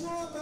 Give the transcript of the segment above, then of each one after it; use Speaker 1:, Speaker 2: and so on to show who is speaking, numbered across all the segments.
Speaker 1: Bonjour,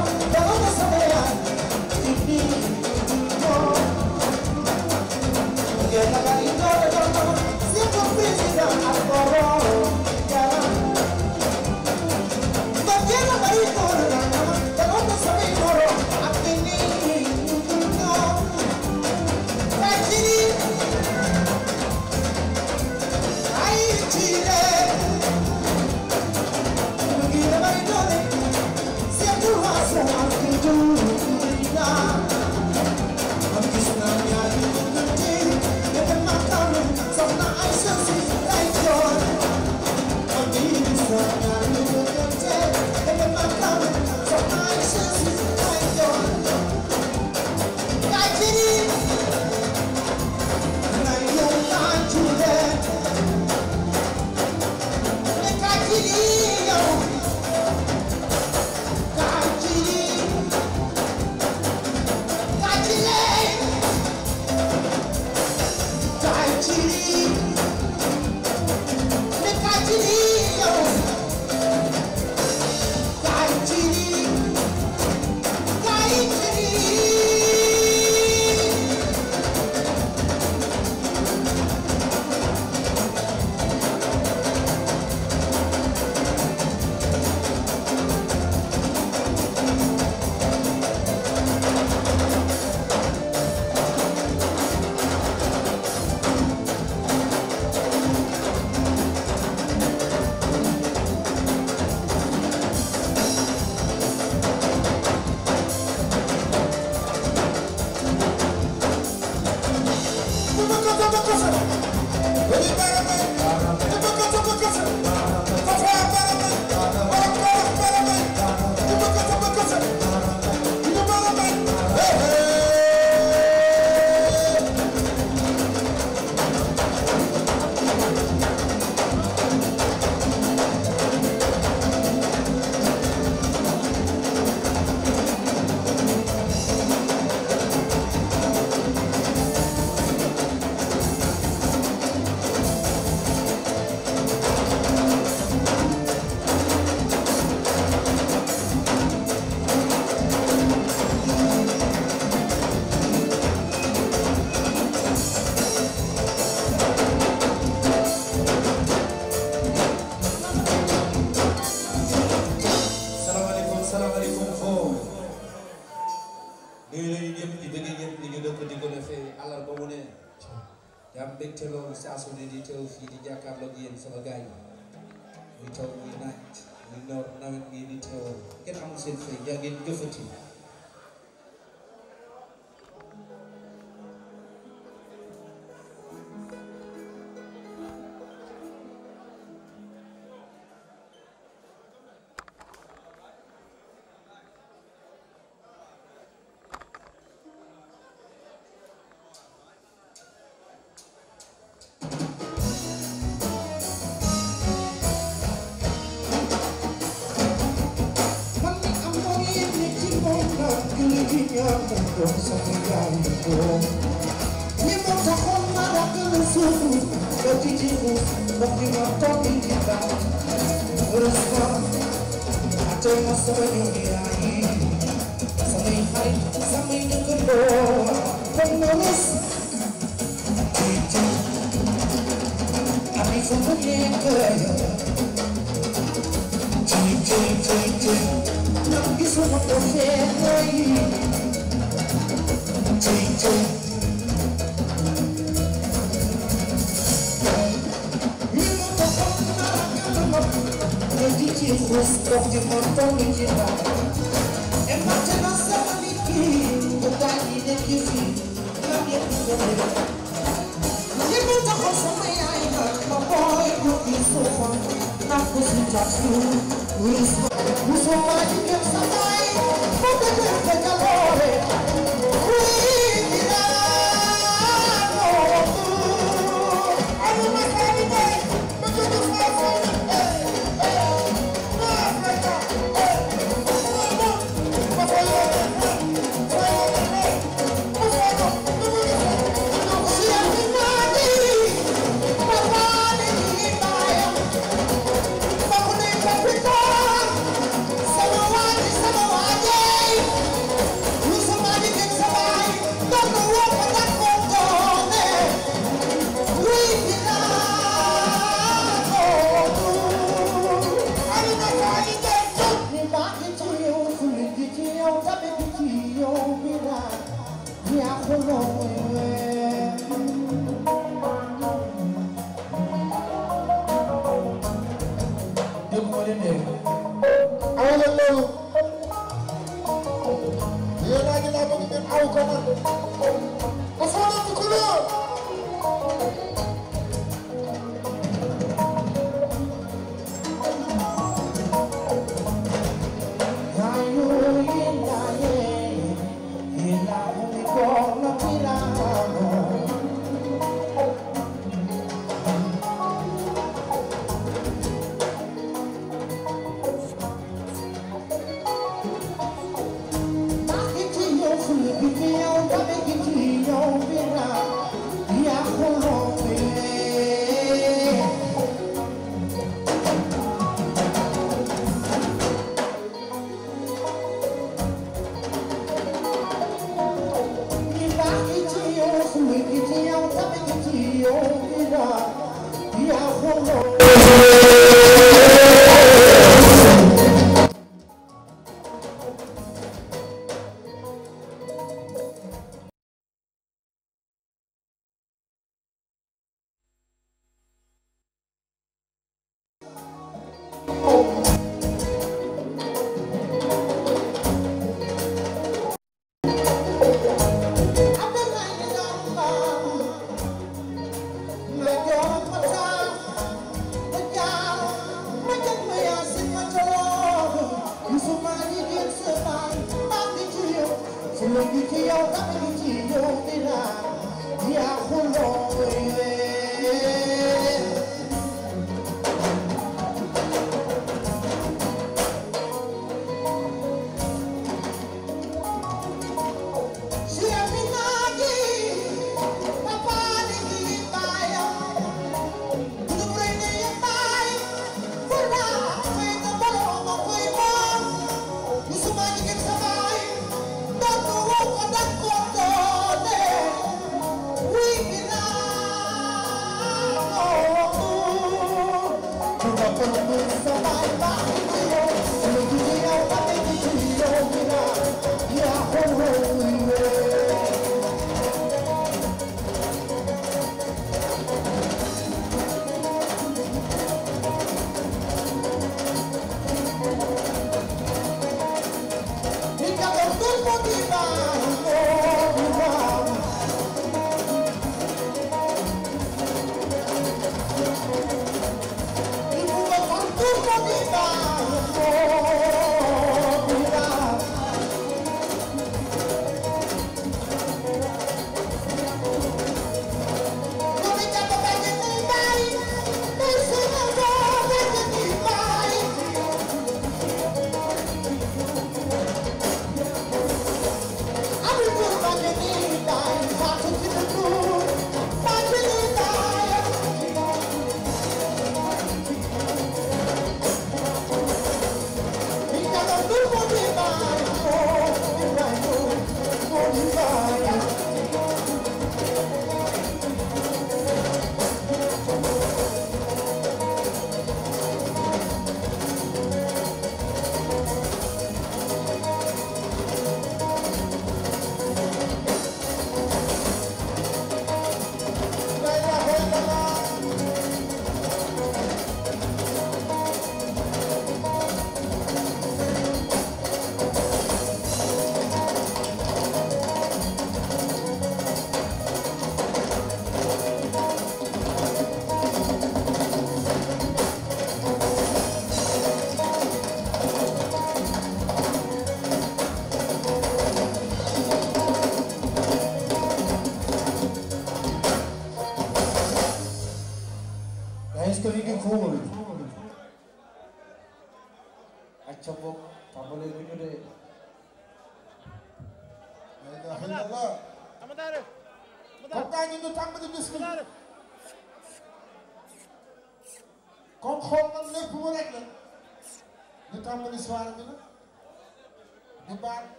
Speaker 1: jëfati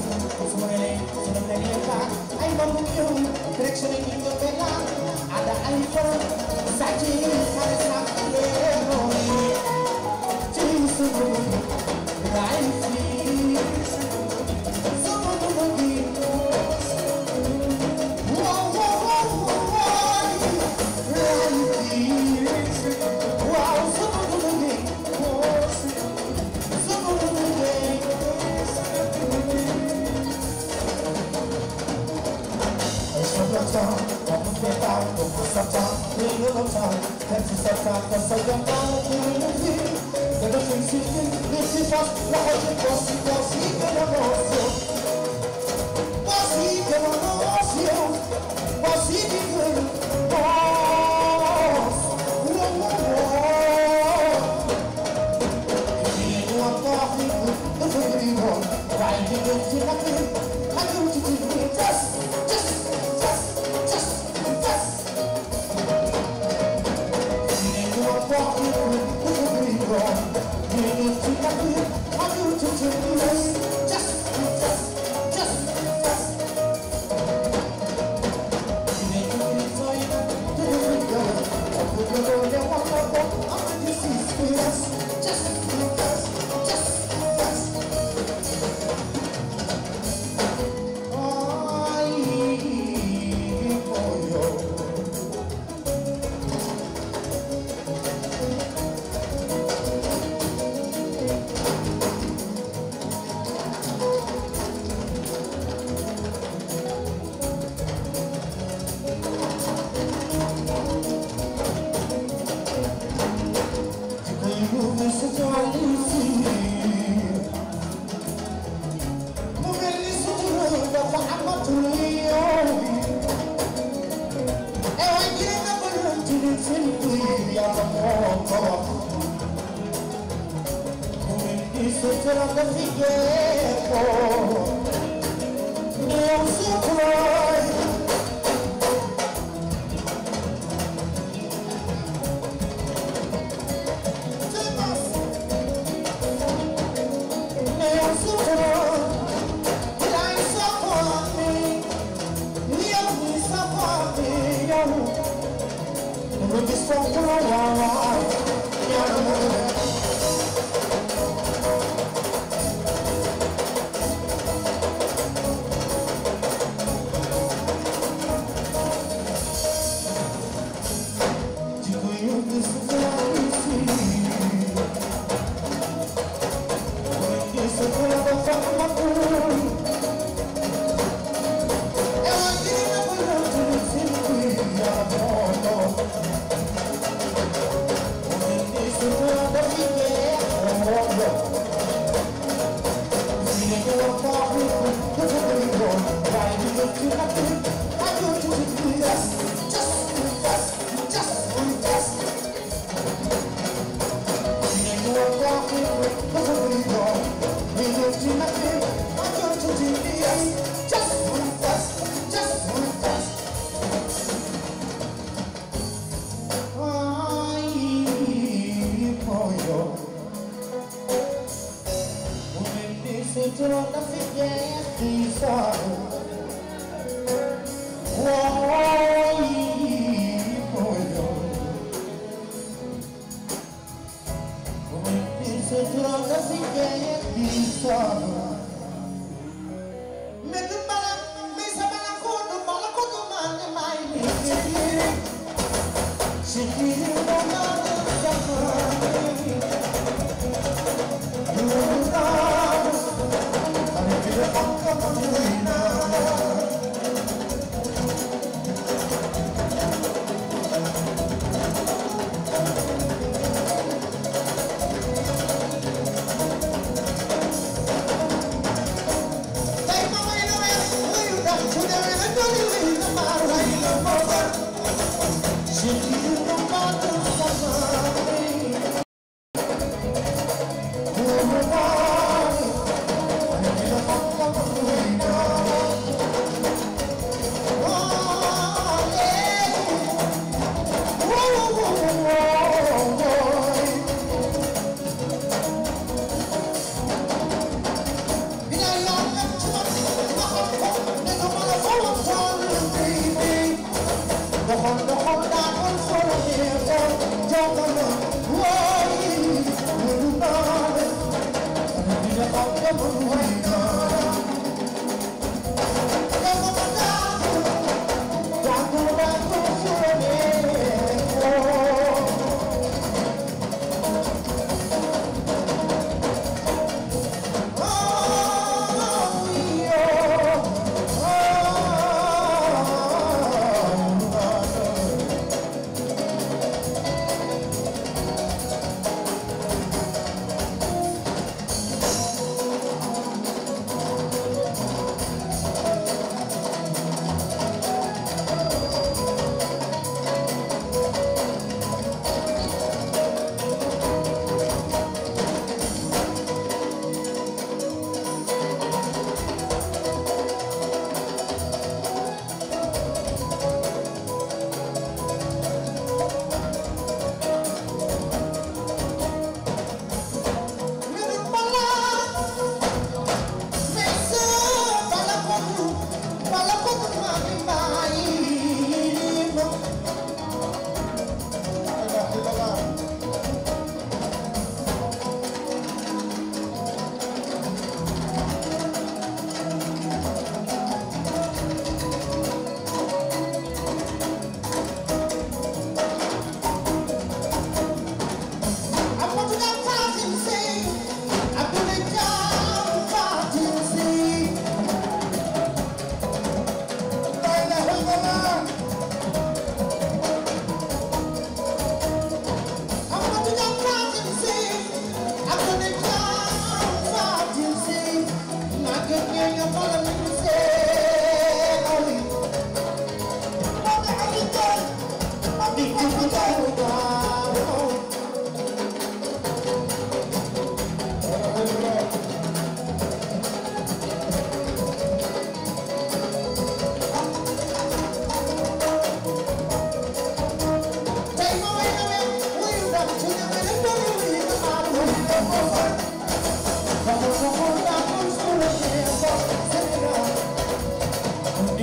Speaker 1: su ma Hatta sayamam bunu Nefesim sildim, nefsim az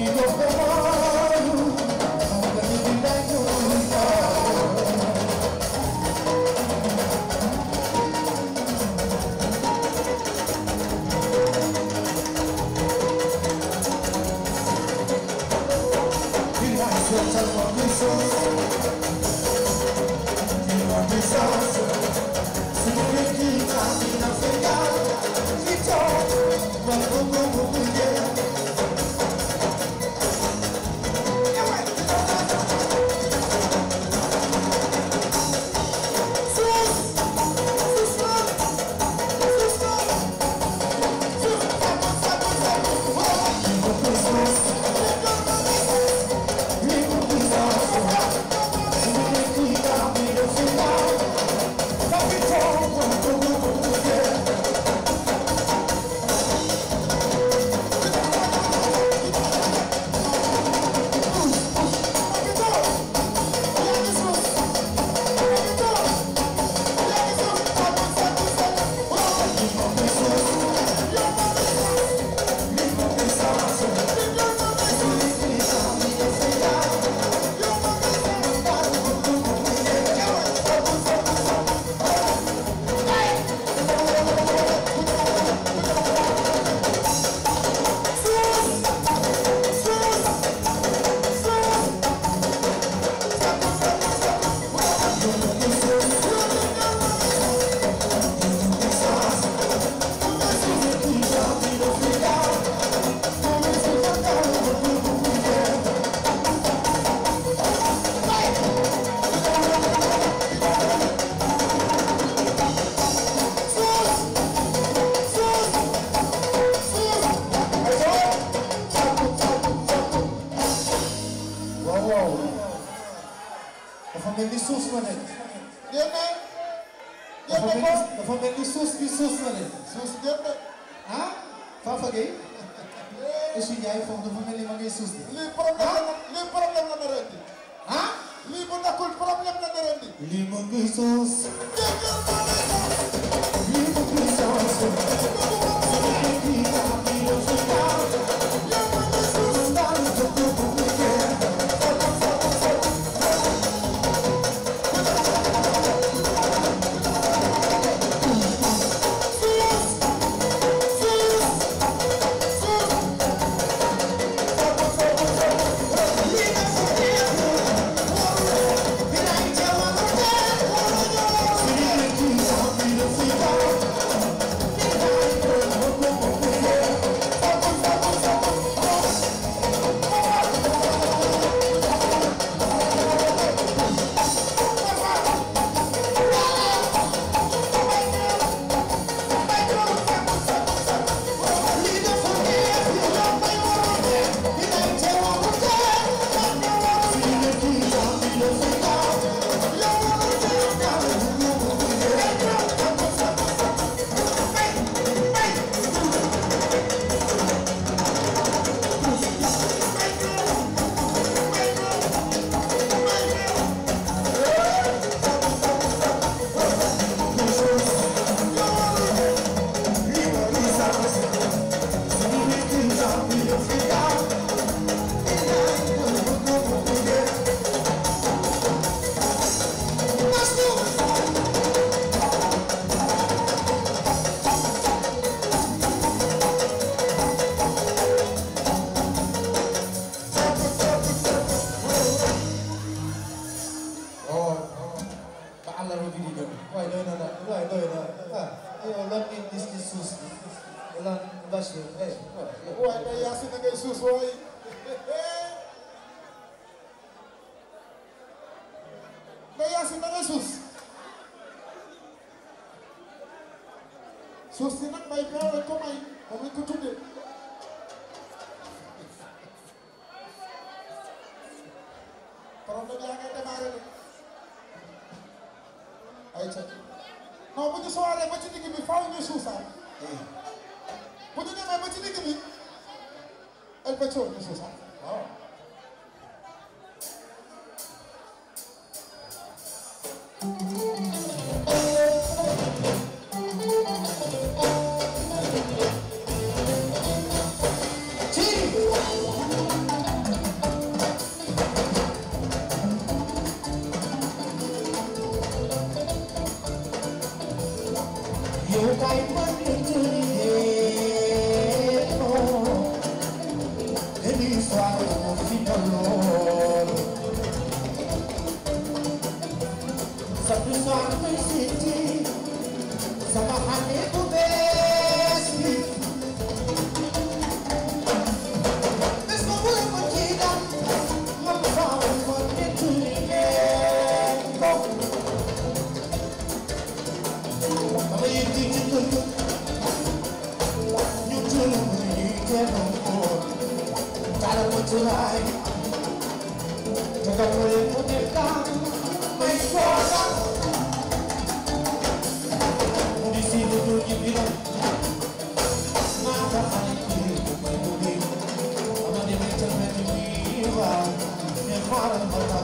Speaker 1: Digo como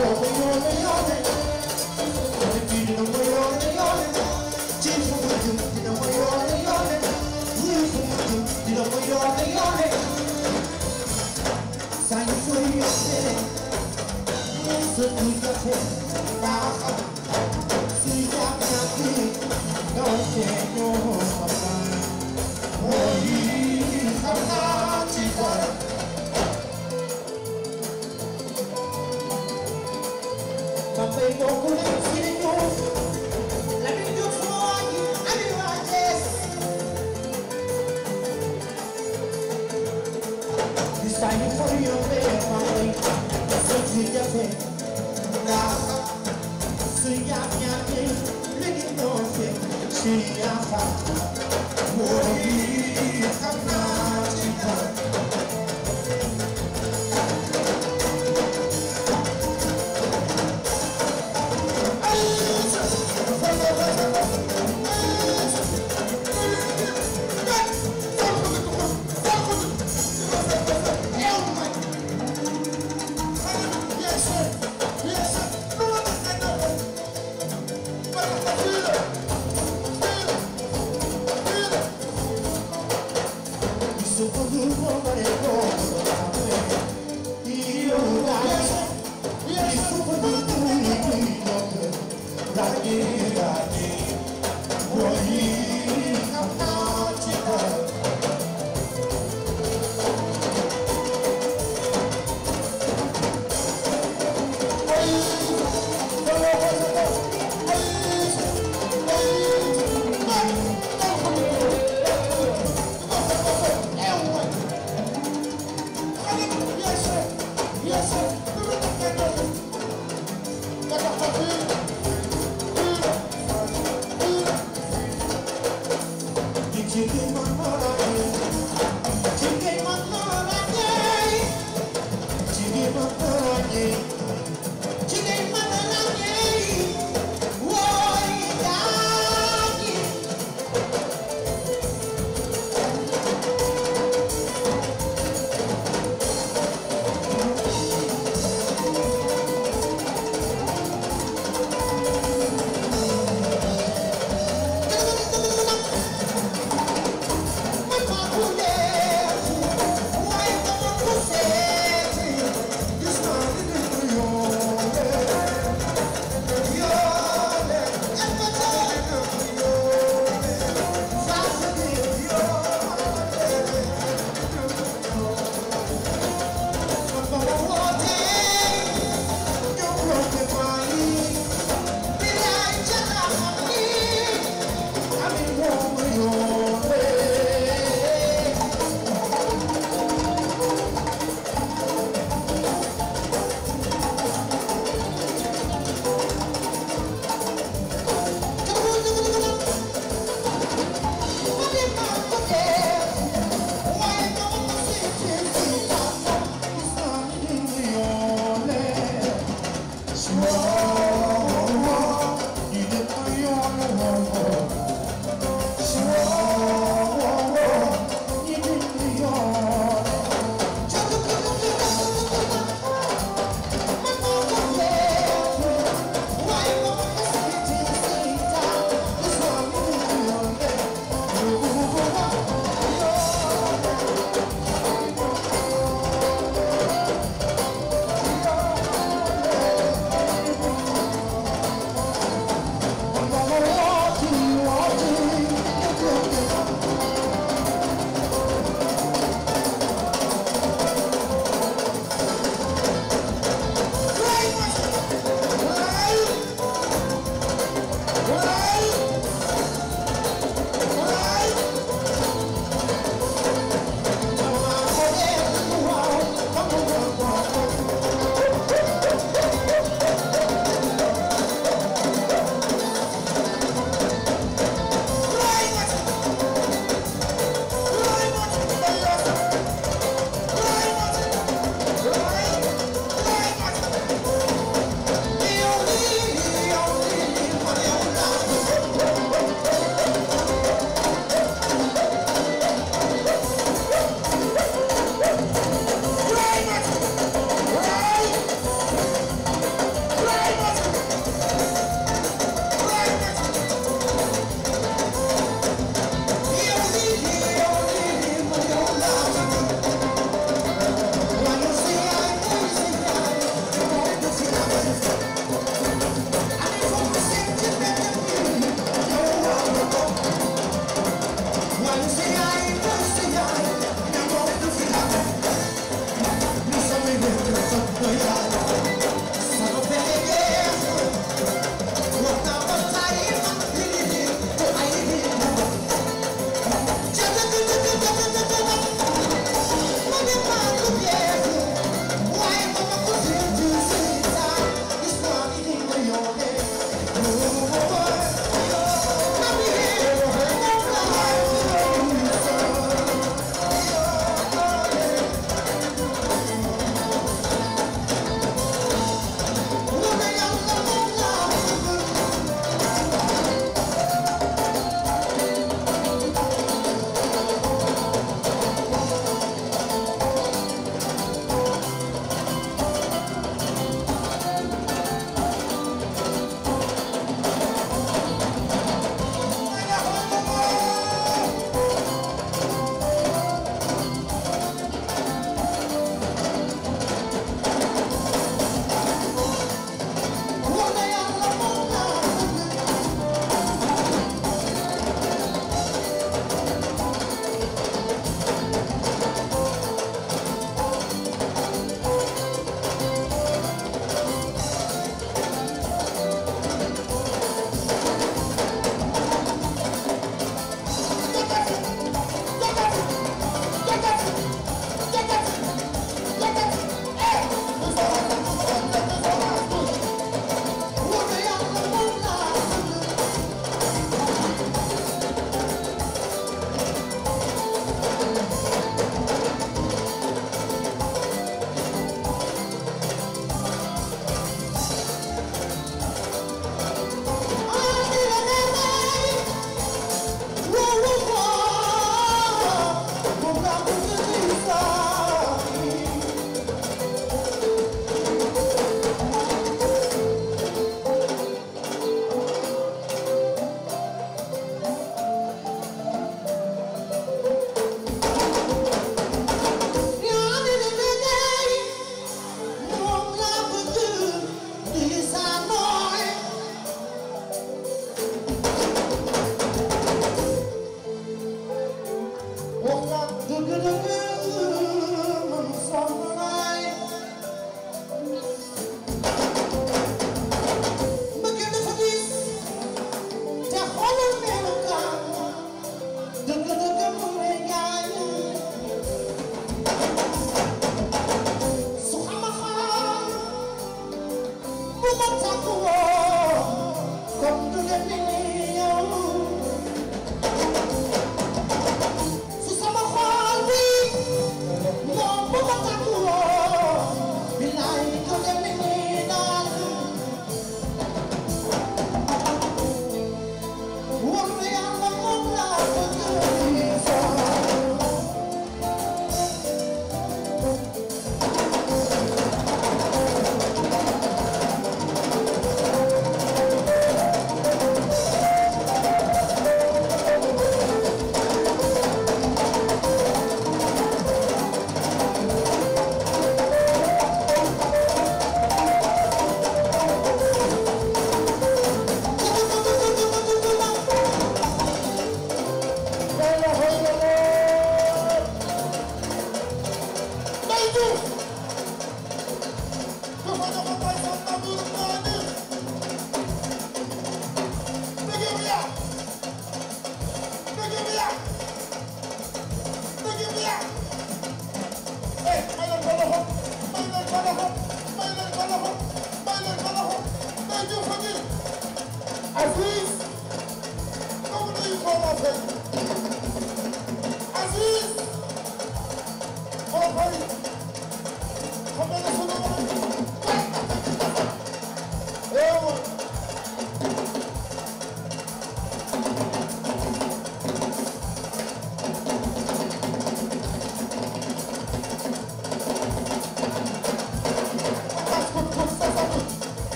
Speaker 1: Don't be lonely,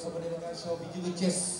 Speaker 2: sama délégation bi jóge Thiès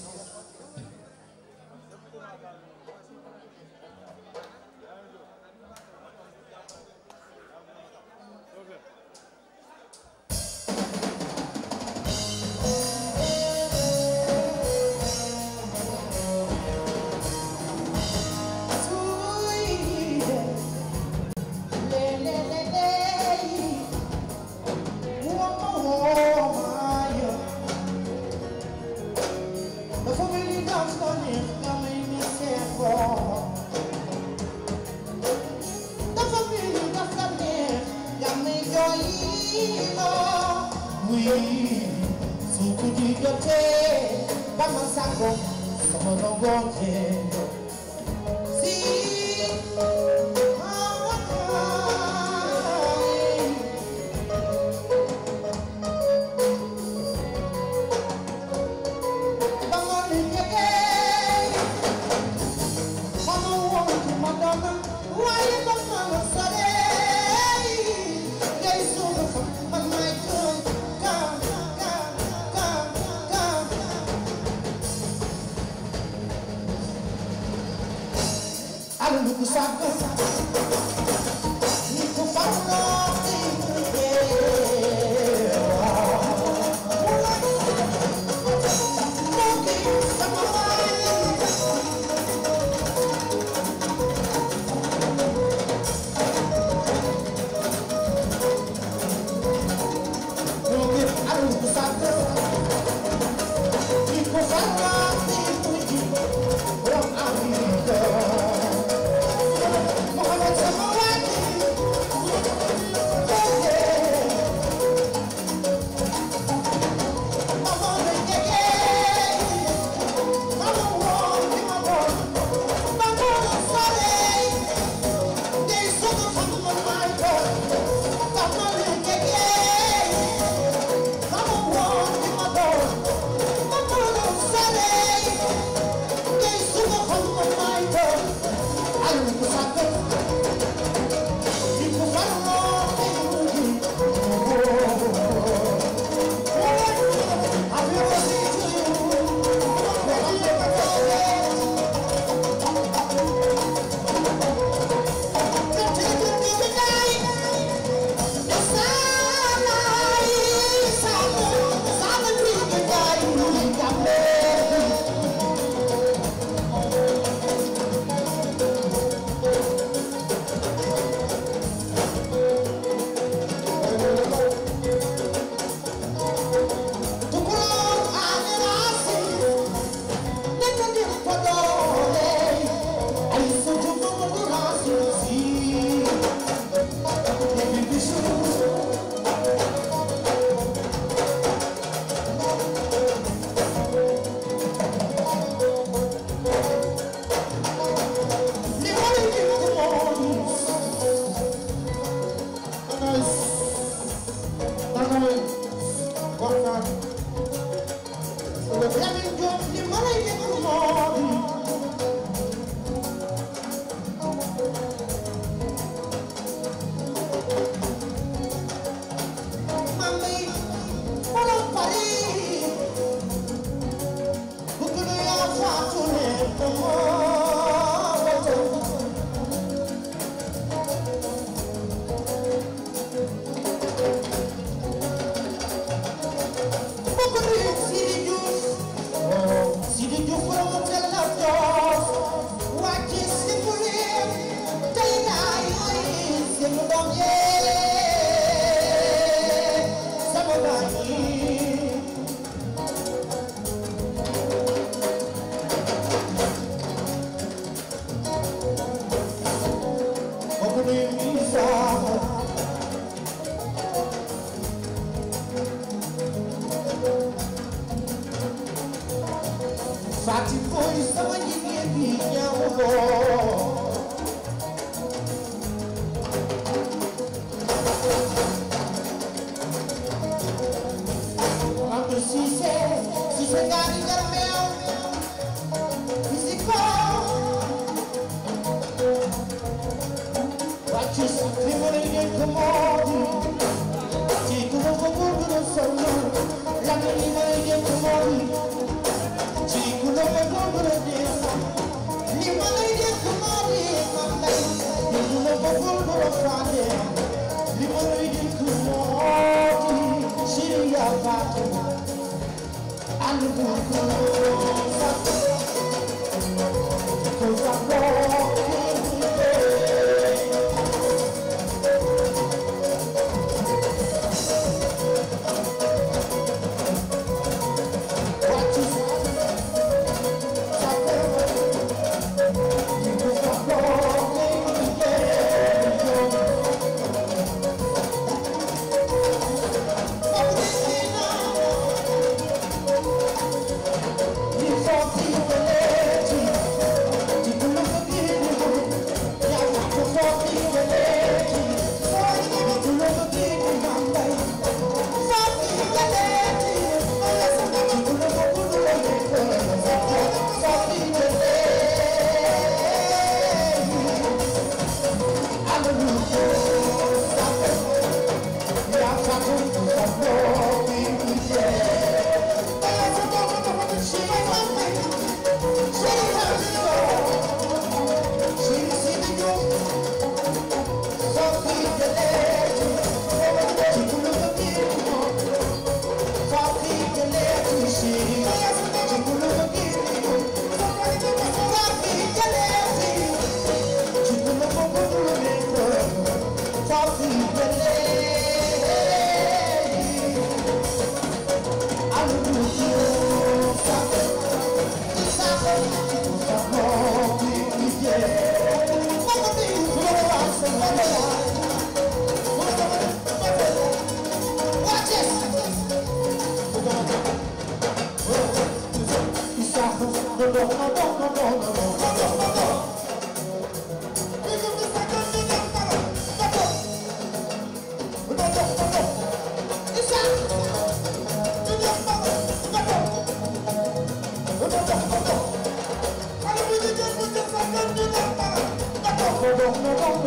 Speaker 1: No, no, no,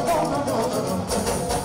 Speaker 1: no, no, no.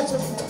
Speaker 1: Thank you.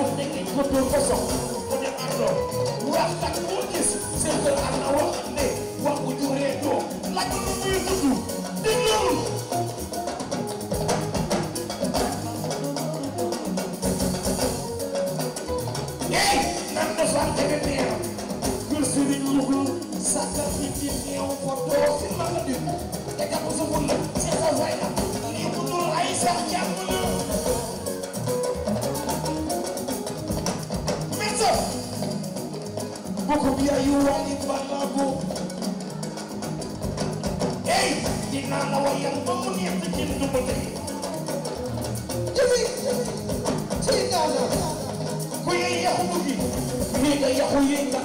Speaker 1: mofteke motor koso woni arɗo wuratan moƴis seftel arna waxande wangu jure to lajjuɗu muytudu diglum ey nanɗo sartene neew gursiri luglu sakka fiti neew foto silmanaɗi e gaɓo sofulla sefa fayna ni ko ɗon ay sah jammuno yaayu wàllu balago ey dinaa la wayal ba mu neex ci jëm du ko tey jëmi ci naa la ku yee yaxu gi nii nga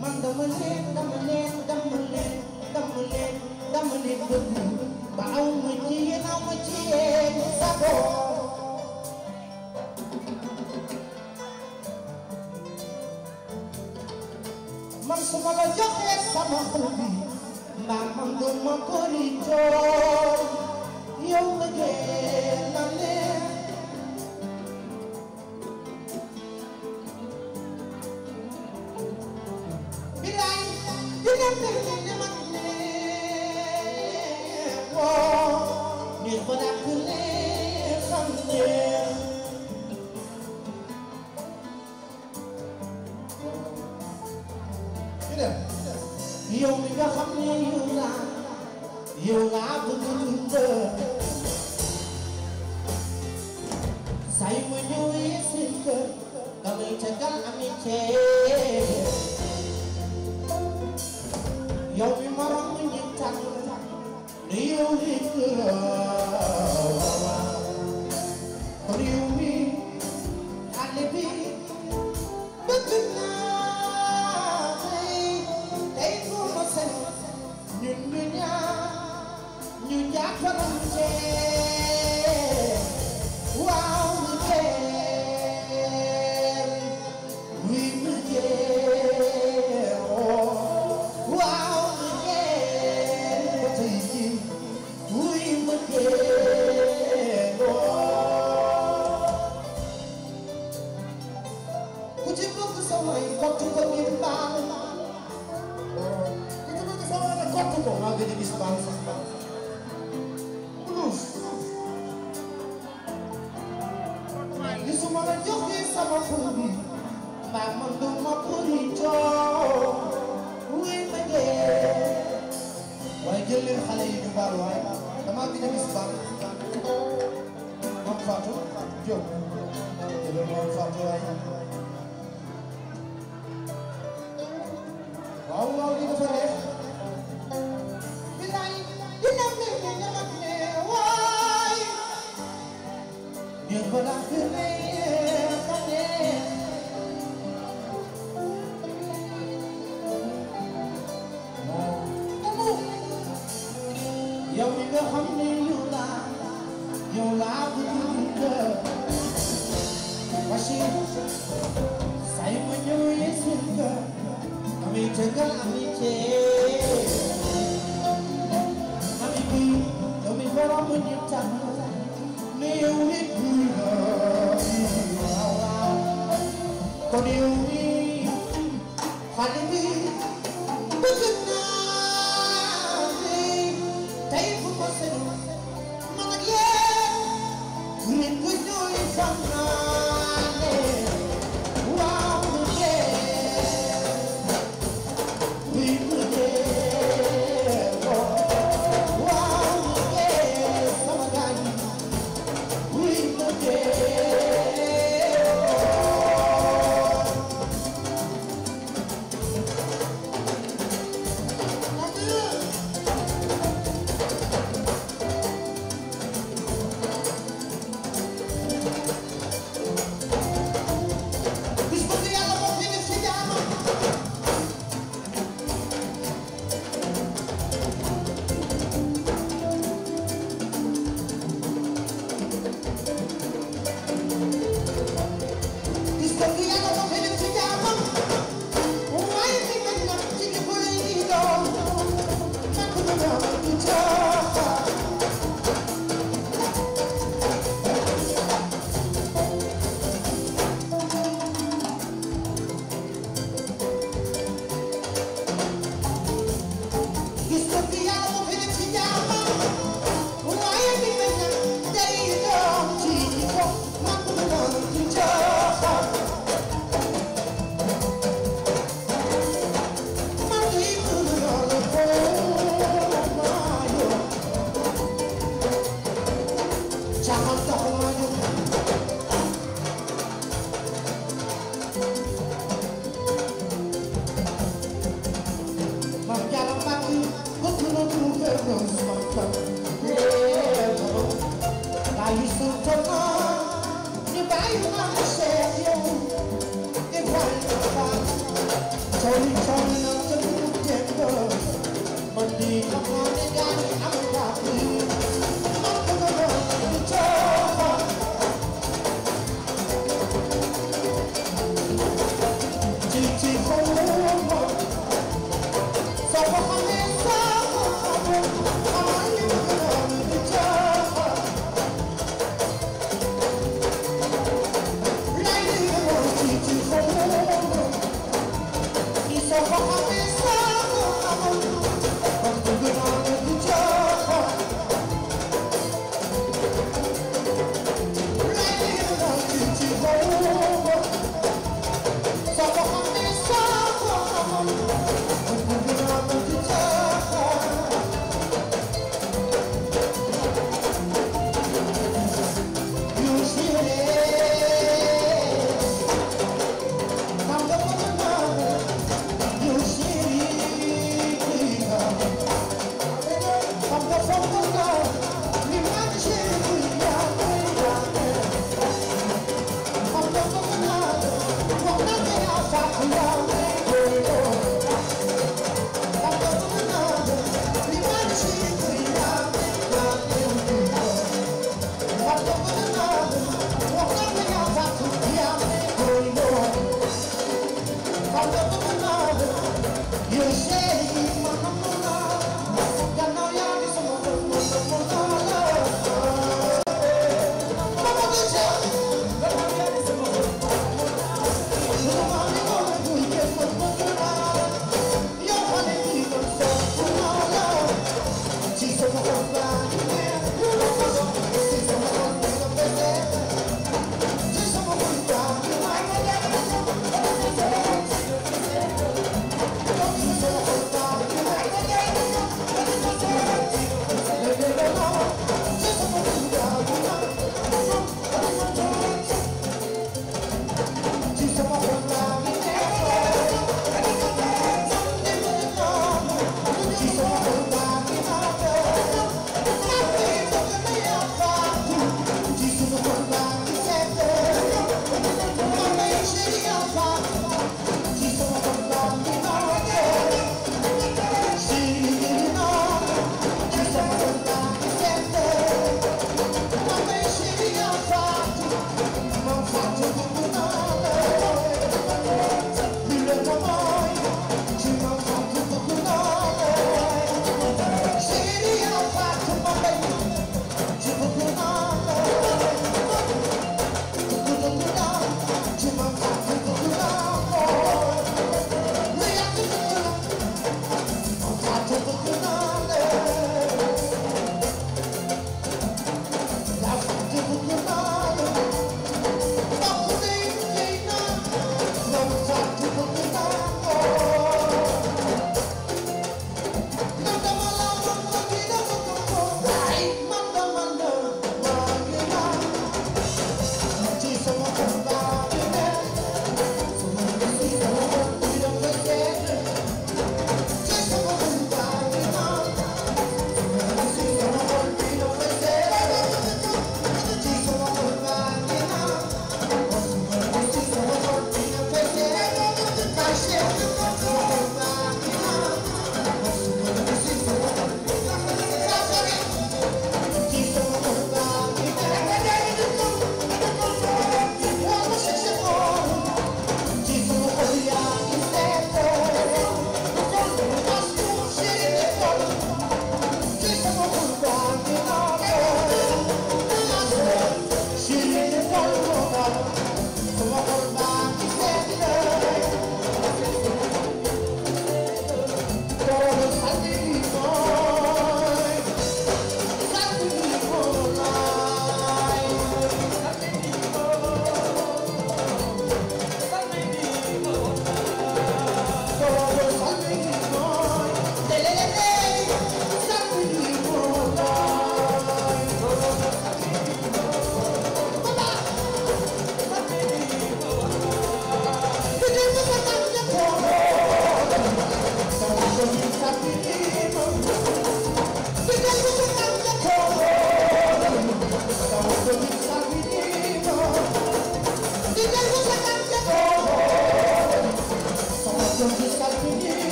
Speaker 1: man su ma la joxee sama xol bi mbaa man du ma ko riitoo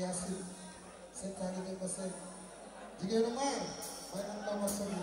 Speaker 1: Yaasin seen taalibe ba seen jigéenu maar may am ndama sonni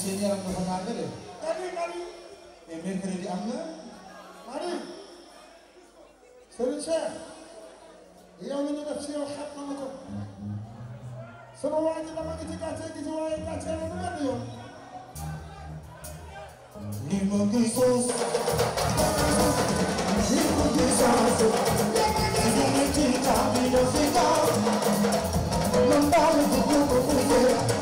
Speaker 1: seen yaram dafa naan nga de. kari kari. mais mercredi am na. mari. Serigne Cheikh. yow li ñu def si yow xet na ma ko. sama waa ji dama ngi ci gàcce gi ci waaye gàcce la mu benn yoon. ni ma gisoon. ni ma gisoon. ni ma ci tàbbi na fi kaw. man daal di ko ko